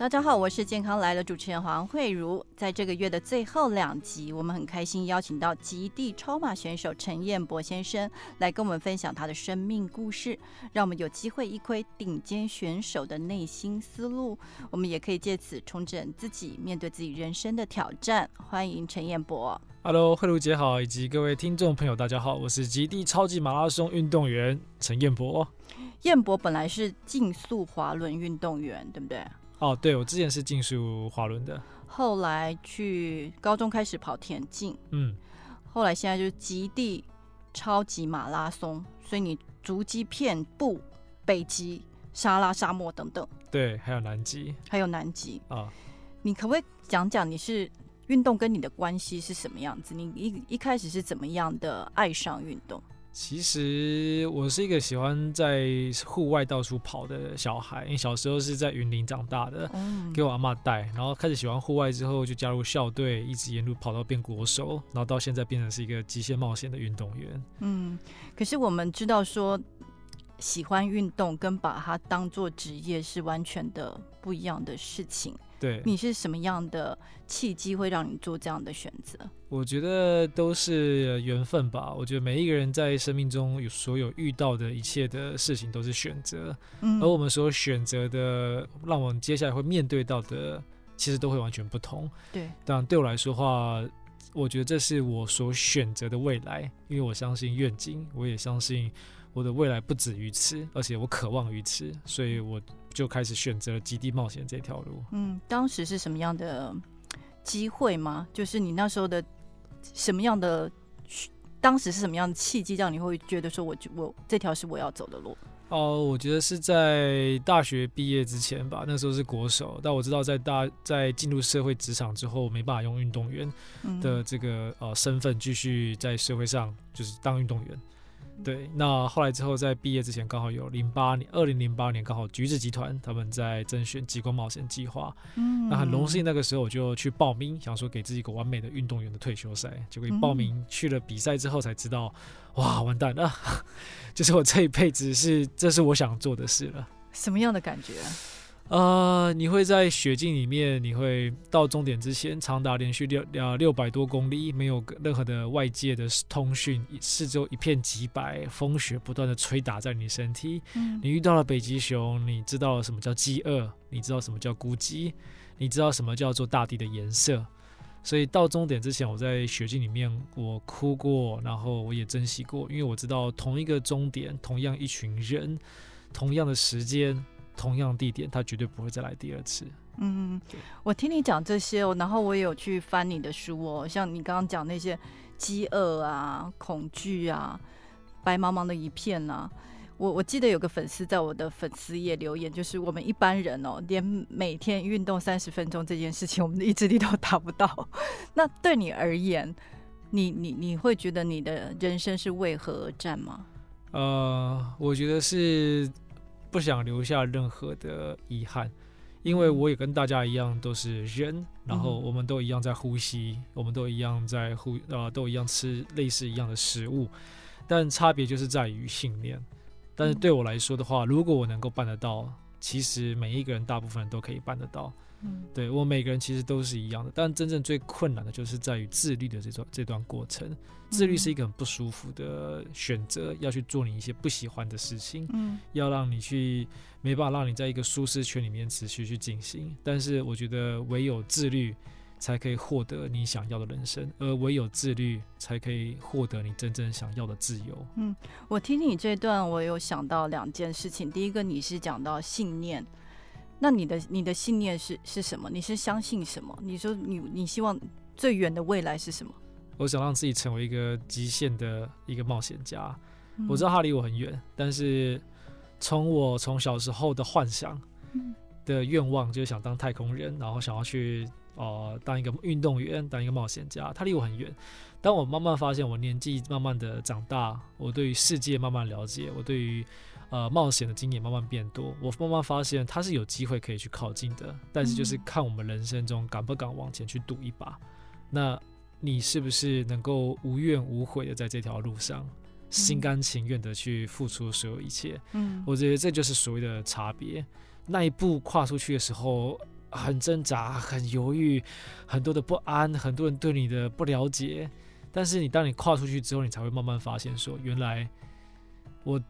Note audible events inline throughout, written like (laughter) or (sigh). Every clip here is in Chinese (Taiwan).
大家好，我是健康來了主持人黃惠如。在這個月的最後兩集，我們很開心邀請到極地超馬選手陳彥博先生來跟我們分享他的生命故事，讓我們有機會一窺頂尖選手的內心思路。我們也可以借此重整自己，面對自己人生的挑戰。歡迎陳彥博。Hello，惠如姐好，以及各位聽眾朋友，大家好，我是極地超級馬拉松運動員陳彥博。彥博本來是競速滑輪運動員，對不對？哦，對，我之前是競速滑輪的，後來去高中開始跑田徑，嗯，後來現在就是極地超級馬拉松。所以你足跡遍布北極、沙拉沙漠等等，對，還有南極，還有南極啊！哦、你可不可以講講你是運動跟你的關係是什麼樣子？你一一開始是怎麼樣的愛上運動？其實我是一個喜歡在戶外到處跑的小孩，因為小時候是在雲林長大的，給我阿嬤帶，然後開始喜歡戶外之後，就加入校隊，一直沿路跑到變國手，然後到現在變成是一個極限冒險的運動員。嗯，可是我們知道說，喜歡運動跟把它當做職業是完全的不一樣的事情。對，你是什麼樣的契機，會讓你做這樣的選擇？我覺得都是緣分吧。我覺得每一個人在生命中有所有遇到的一切的事情都是選擇，嗯、而我們所選擇的，讓我們接下來會面對到的，其實都會完全不同。對，當然對我來說的話，我覺得這是我所選擇的未來，因為我相信願景，我也相信。我的未來不止於此，而且我渴望於此，所以我就開始選擇了極地冒險這條路。嗯，當時是什麼樣的機會嗎？就是你那時候的什麼樣的當時是什麼樣的契機，讓你會覺得說我，我我這條是我要走的路？哦、呃，我覺得是在大學畢業之前吧，那時候是國手，但我知道在大在進入社會職場之後，沒辦法用運動員的這個、嗯、哼呃身份繼續在社會上就是當運動員。對，那後來之後，在畢業之前，剛好有零八年，二零零八年，剛好橘子集團他們在甄選極光冒險計劃，嗯、那很榮幸，那個時候我就去報名，想說給自己一個完美的運動員的退休賽。結果報名、嗯、去了比賽之後才知道，哇，完蛋了，就是我這一輩子是，這是我想做的事了。什麼樣的感覺、啊？呃，uh, 你會在雪境裡面，你會到終點之前長達連續六呃六百多公里，沒有任何的外界的通訊，四周一片極白，風雪不斷的吹打在你身體。嗯，你遇到了北極熊，你知道什麼叫飢餓，你知道什麼叫孤寂，你知道什麼叫做大地的顏色。所以到終點之前，我在雪境裡面，我哭過，然後我也珍惜過，因為我知道同一個終點，同樣一群人，同樣的時間。同樣地點，他絕對不會再來第二次。嗯，我聽你講這些、喔，然後我也有去翻你的書哦、喔，像你剛剛講那些飢餓啊、恐懼啊、白茫茫的一片啊，我我記得有個粉絲在我的粉絲頁留言，就是我們一般人哦、喔，連每天運動三十分鐘這件事情，我們的意志力都達不到。 (laughs) 那對你而言，你你你會覺得你的人生是為何而戰嗎？呃，我覺得是。不想留下任何的遺憾，因為我也跟大家一樣都是人，然後我們都一樣在呼吸，我們都一樣在呼，啊、呃，都一樣吃類似一樣的食物，但差別就是在於信念。但是對我來說的話，如果我能夠辦得到，其實每一個人大部分人都可以辦得到。嗯，對我每個人其實都是一樣的，但真正最困難的就是在於自律的這段這段過程。自律是一個很不舒服的選擇，要去做你一些不喜歡的事情，嗯，要讓你去沒辦法讓你在一個舒適圈裡面持續去進行。但是我覺得唯有自律，才可以獲得你想要的人生，而唯有自律才可以獲得你真正想要的自由。嗯，我聽你這段，我有想到兩件事情。第一個，你是講到信念。那你的你的信念是是什麼？你是相信什麼？你說你你希望最遠的未來是什麼？我想讓自己成為一個極限的一個冒險家。嗯、我知道他離我很遠，但是從我從小時候的幻想的願望，嗯、就是想當太空人，然後想要去呃當一個運動員，當一個冒險家。他離我很遠，當我慢慢發現我年紀慢慢的長大，我對於世界慢慢了解，我對於。呃，冒險的經驗慢慢變多，我慢慢發現他是有機會可以去靠近的，但是就是看我們人生中敢不敢往前去賭一把，那你是不是能夠無怨無悔的在這條路上，心甘情願的去付出所有一切？嗯，我覺得這就是所謂的差別。那一步跨出去的時候，很掙扎，很猶豫，很多的不安，很多人對你的不了解，但是你當你跨出去之後，你才會慢慢發現說，原來我。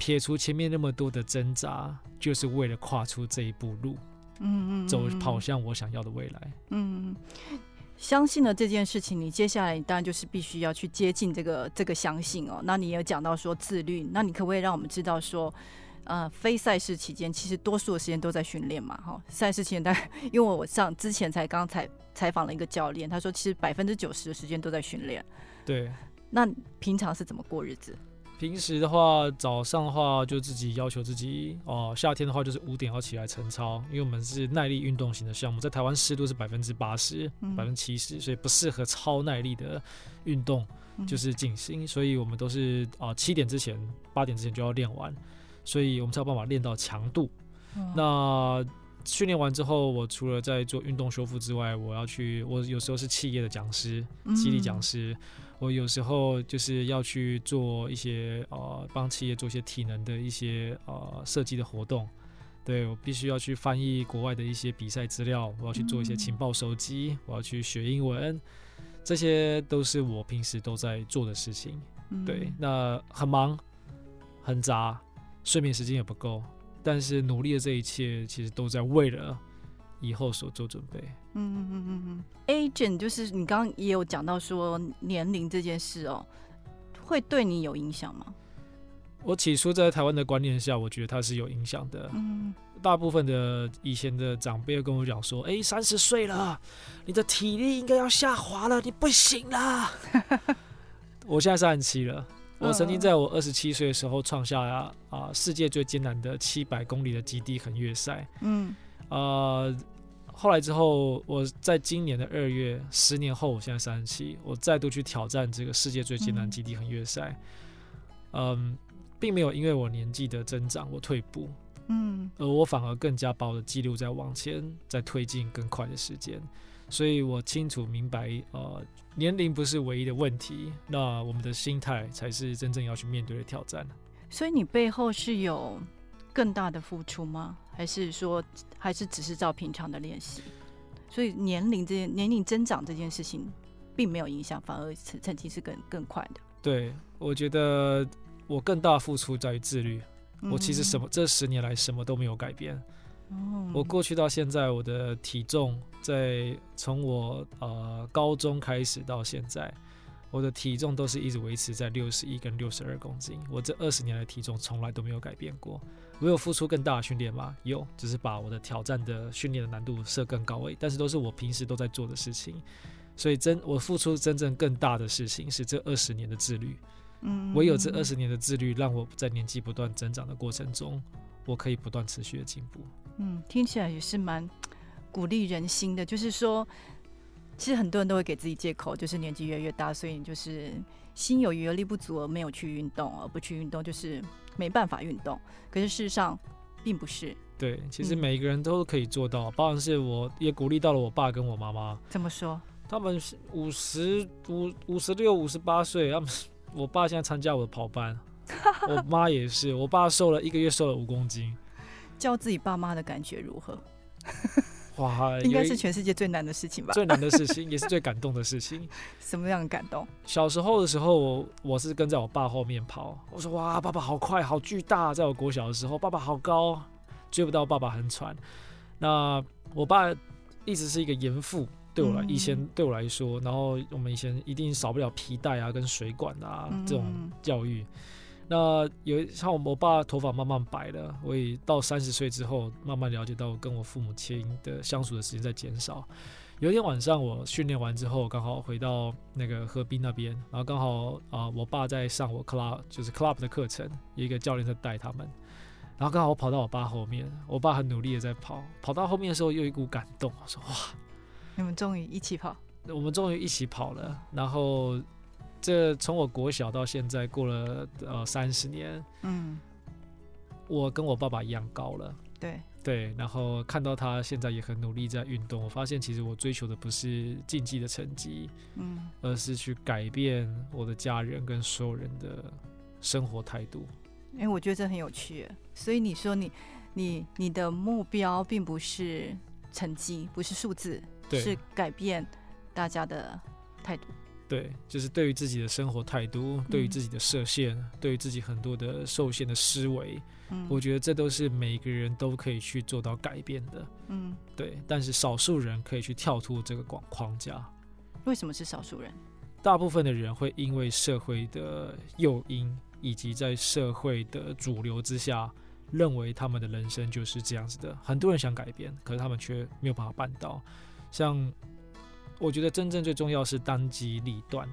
撇除前面那麼多的掙扎，就是為了跨出這一步路，嗯嗯，走跑向我想要的未來，嗯，嗯，相信了這件事情，你接下來你當然就是必須要去接近這個這個相信哦。那你也講到說自律，那你可不可以讓我們知道說，呃，非賽事期間其實多數的時間都在訓練嘛？哈，哦，賽事期間，因為我上之前才剛採採訪了一個教練，他說其實百分之九十的時間都在訓練。對。那平常是怎麼過日子？平時的話，早上的話就自己要求自己哦、呃。夏天的話就是五點要起來晨操，因為我們是耐力運動型的項目，在台灣濕度是百分之八十、百分之七十，所以不適合超耐力的運動，就是進行。所以我們都是哦、呃，七點之前、八點之前就要練完，所以我們才有辦法練到強度。那訓練完之後，我除了在做運動修復之外，我要去，我有時候是企業的講師、激勵講師。我有時候就是要去做一些呃，幫企業做一些體能的一些呃設計的活動，對，我必須要去翻譯國外的一些比賽資料，我要去做一些情報收集，我要去學英文，這些都是我平時都在做的事情。對，那很忙，很雜，睡眠時間也不夠，但是努力的這一切其實都在為了。以後所做準備。嗯嗯嗯嗯 Agent 就是你剛剛也有講到說年齡這件事哦，會對你有影響嗎？我起初在台灣的觀念下，我覺得它是有影響的。嗯。大部分的以前的長輩跟我講說：“哎，三十歲了，你的體力應該要下滑了，你不行了。”我現在三十七了。我曾經在我二十七歲的時候創下啊世界最艱難的七百公里的極地橫越賽。嗯。啊。後來之後，我在今年的二月，十年後，我現在三十七，我再度去挑戰這個世界最艱難的極地橫越賽。嗯，嗯，並沒有因為我年紀的增長我退步，嗯，而我反而更加把我的記錄在往前，在推進更快的時間。所以我清楚明白，呃，年齡不是唯一的問題，那我們的心態才是真正要去面對的挑戰。所以你背後是有更大的付出嗎？還是說，還是只是照平常的練習，所以年齡這些年齡增長這件事情，並沒有影響，反而成成績是更更快的。對，我覺得我更大付出在於自律。嗯，我其實什麼這十年來什麼都沒有改變。嗯，我過去到現在，我的體重在從我呃高中開始到現在。我的體重都是一直維持在六十一跟六十二公斤，我這二十年的體重從來都沒有改變過。我有付出更大的訓練嗎？有，只是把我的挑戰的訓練的難度設更高而已，但是都是我平時都在做的事情。所以真我付出真正更大的事情是這二十年的自律。嗯，唯有這二十年的自律，讓我在年紀不斷增長的過程中，我可以不斷持續的進步。嗯，聽起來也是蠻鼓勵人心的，就是說。其實很多人都會給自己借口，就是年紀越來越大，所以你就是心有餘而力不足，而沒有去運動，而不去運動就是沒辦法運動。可是事實上並不是。對，其實每一個人都可以做到，嗯、包括是我也鼓勵到了我爸跟我媽媽。怎麼說？他們是五十五、五十六、五十八歲。他們我爸現在參加我的跑班， (laughs) 我媽也是。我爸瘦了一個月，瘦了五公斤。教自己爸媽的感覺如何？ (laughs) 哇，應該是全世界最難的事情吧？最難的事情，也是最感動的事情。 (laughs) 什麼樣的感動？小時候的時候，我是跟在我爸後面跑。我說：“哇，爸爸好快，好巨大！”在我國小的時候，爸爸好高，追不到爸爸很喘。那我爸一直是一個嚴父，對我來、嗯、以前對我來說，然後我們以前一定少不了皮帶啊、跟水管啊這種教育。那有像我，我爸頭髮慢慢白了，我也到三十歲之後，慢慢了解到我跟我父母親的相處的時間在減少。有一天晚上，我訓練完之後，剛好回到那個河濱那邊，然後剛好啊、呃，我爸在上我 club，就是 club 的課程，有一個教練在帶他們，然後剛好我跑到我爸後面，我爸很努力的在跑，跑到後面的時候，有一股感動，我說哇，你們終於一起跑，我們終於一起跑了，然後。這從我國小到現在過了呃三十年，嗯，我跟我爸爸一樣高了，對對，然後看到他現在也很努力在運動，我發現其實我追求的不是競技的成績，嗯，而是去改變我的家人跟所有人的生活態度。哎，我覺得這很有趣，所以你說你你你的目標並不是成績，不是數字，對是改變大家的態度。對，就是對於自己的生活態度，對於自己的設限，嗯、對於自己很多的受限的思維，嗯、我覺得這都是每個人都可以去做到改變的。嗯，對，但是少數人可以去跳脫這個框框架。為什麼是少數人？大部分的人會因為社會的誘因，以及在社會的主流之下，認為他們的人生就是這樣子的。很多人想改變，可是他們卻沒有辦法辦到。像我覺得真正最重要是當機立斷、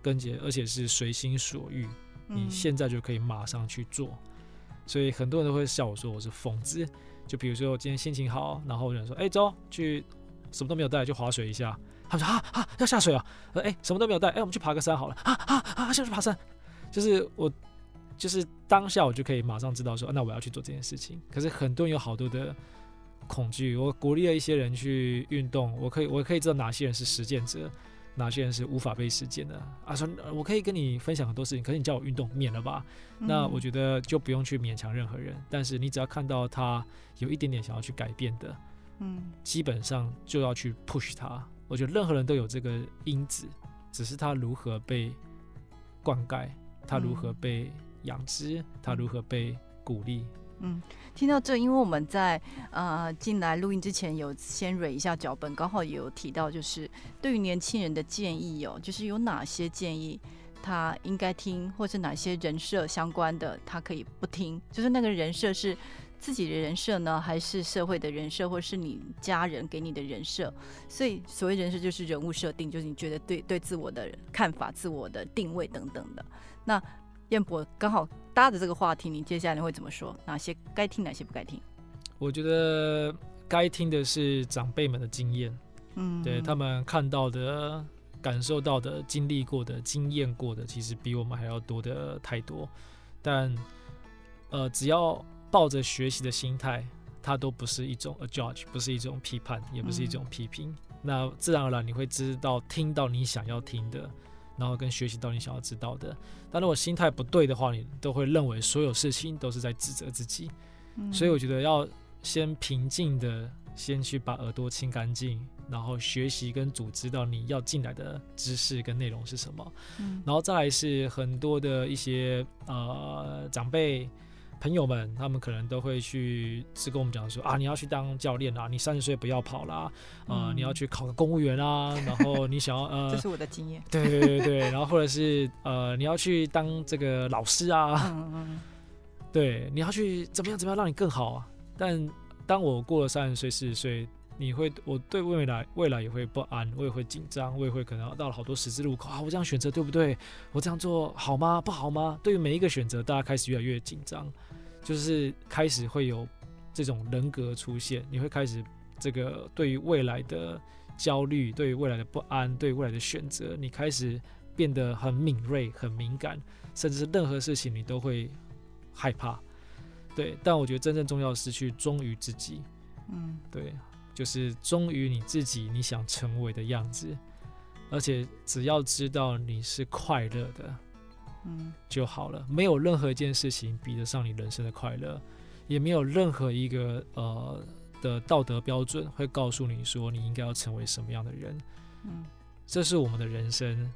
跟結，而且是隨心所欲。你現在就可以馬上去做，所以很多人都會笑我說我是瘋子。就比如說我今天心情好，然後人說：“哎、欸，走去什麼都沒有帶，去划水一下。”他說：“啊啊，要下水啊！”哎、欸，什麼都沒有帶，哎、欸，我們去爬個山好了。啊啊啊、啊，下去爬山。就是我，就是當下我就可以馬上知道說，那我要去做這件事情。可是很多人有好多的。恐懼，我鼓勵了一些人去運動。我可以，我可以知道哪些人是實踐者，哪些人是無法被實踐的。啊，說我可以跟你分享很多事情，可是你叫我運動，免了吧。嗯、那我覺得就不用去勉強任何人。但是你只要看到他有一點點想要去改變的，嗯，基本上就要去 push 他。我覺得任何人都有這個因子，只是他如何被灌溉，他如何被養殖，嗯、他如何被鼓勵。嗯，聽到這，因為我們在呃進來錄音之前有先 read 一下腳本，剛好也有提到，就是對於年輕人的建議哦，就是有哪些建議他應該聽，或是哪些人設相關的他可以不聽，就是那個人設是自己的人設呢，還是社會的人設，或是你家人給你的人設？所以所謂人設就是人物設定，就是你覺得對對自我的看法、自我的定位等等的。那彥博剛好。搭著這個話題，你接下來你會怎麼說？哪些該聽，哪些不該聽？我覺得該聽的是長輩們的經驗，嗯，對他們看到的、感受到的、經歷過的、經驗過的，其實比我們還要多的太多。但呃，只要抱着學習的心態，它都不是一種 judge，不是一種批判，也不是一種批評。嗯、那自然而然，你會知道聽到你想要聽的。然後跟學習到你想要知道的，但如果心態不對的話，你都會認為所有事情都是在指責自己。嗯，所以我覺得要先平靜地，先去把耳朵清乾淨，然後學習跟組織到你要進來的知識跟內容是什麼。嗯，然後再來是很多的一些呃長輩。朋友們，他們可能都會去是跟我們講說啊，你要去當教練啊，你三十歲不要跑啦啊。啊，呃，你要去考個公務員啊，然後你想要呃，這是我的經驗，對對對對，然後或者是呃，你要去當這個老師啊，嗯嗯嗯，對，你要去怎麼樣怎麼樣讓你更好啊。但當我過了三十歲、四十歲。你會，我對未來，未來也會不安，我也會緊張，我也會可能到了好多十字路口，啊，我這樣選擇對不對？我這樣做好嗎？不好嗎？對於每一個選擇，大家開始越來越緊張，就是開始會有這種人格出現。你會開始這個對於未來的焦慮，對於未來的不安，對於未來的選擇，你開始變得很敏銳、很敏感，甚至任何事情你都會害怕。對，但我覺得真正重要的是去忠於自己。嗯，對。就是忠於你自己，你想成為的樣子，而且只要知道你是快樂的，嗯，就好了。沒有任何一件事情比得上你人生的快樂，也沒有任何一個呃的道德標準會告訴你說，你應該要成為什麼樣的人。嗯，這是我們的人生，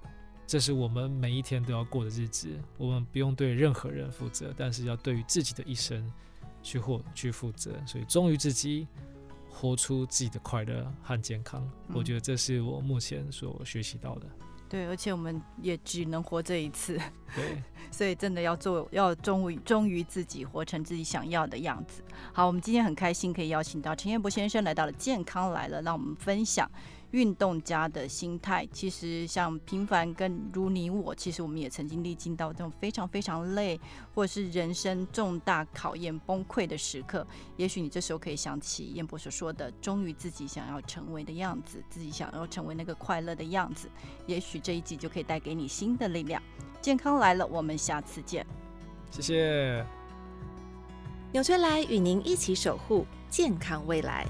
這是我們每一天都要過的日子。我們不用對任何人負責，但是要對於自己的一生去負去負責。所以忠於自己。活出自己的快樂和健康，嗯、我覺得這是我目前所學習到的。對，而且我們也只能活這一次，對， (laughs) 所以真的要做，要忠於忠於自己，活成自己想要的樣子。好，我們今天很開心可以邀請到陳彥博先生來到了《健康來了》，讓我們分享。運動家的心態，其實像平凡跟如你我，其實我們也曾經歷經到這種非常非常累，或是人生重大考驗崩潰的時刻。也許你這時候可以想起彥博所說的，忠於自己想要成為的樣子，自己想要成為那個快樂的樣子。也許這一集就可以帶給你新的力量。健康來了，我們下次見。謝謝紐崔萊，與您一起守護健康未來。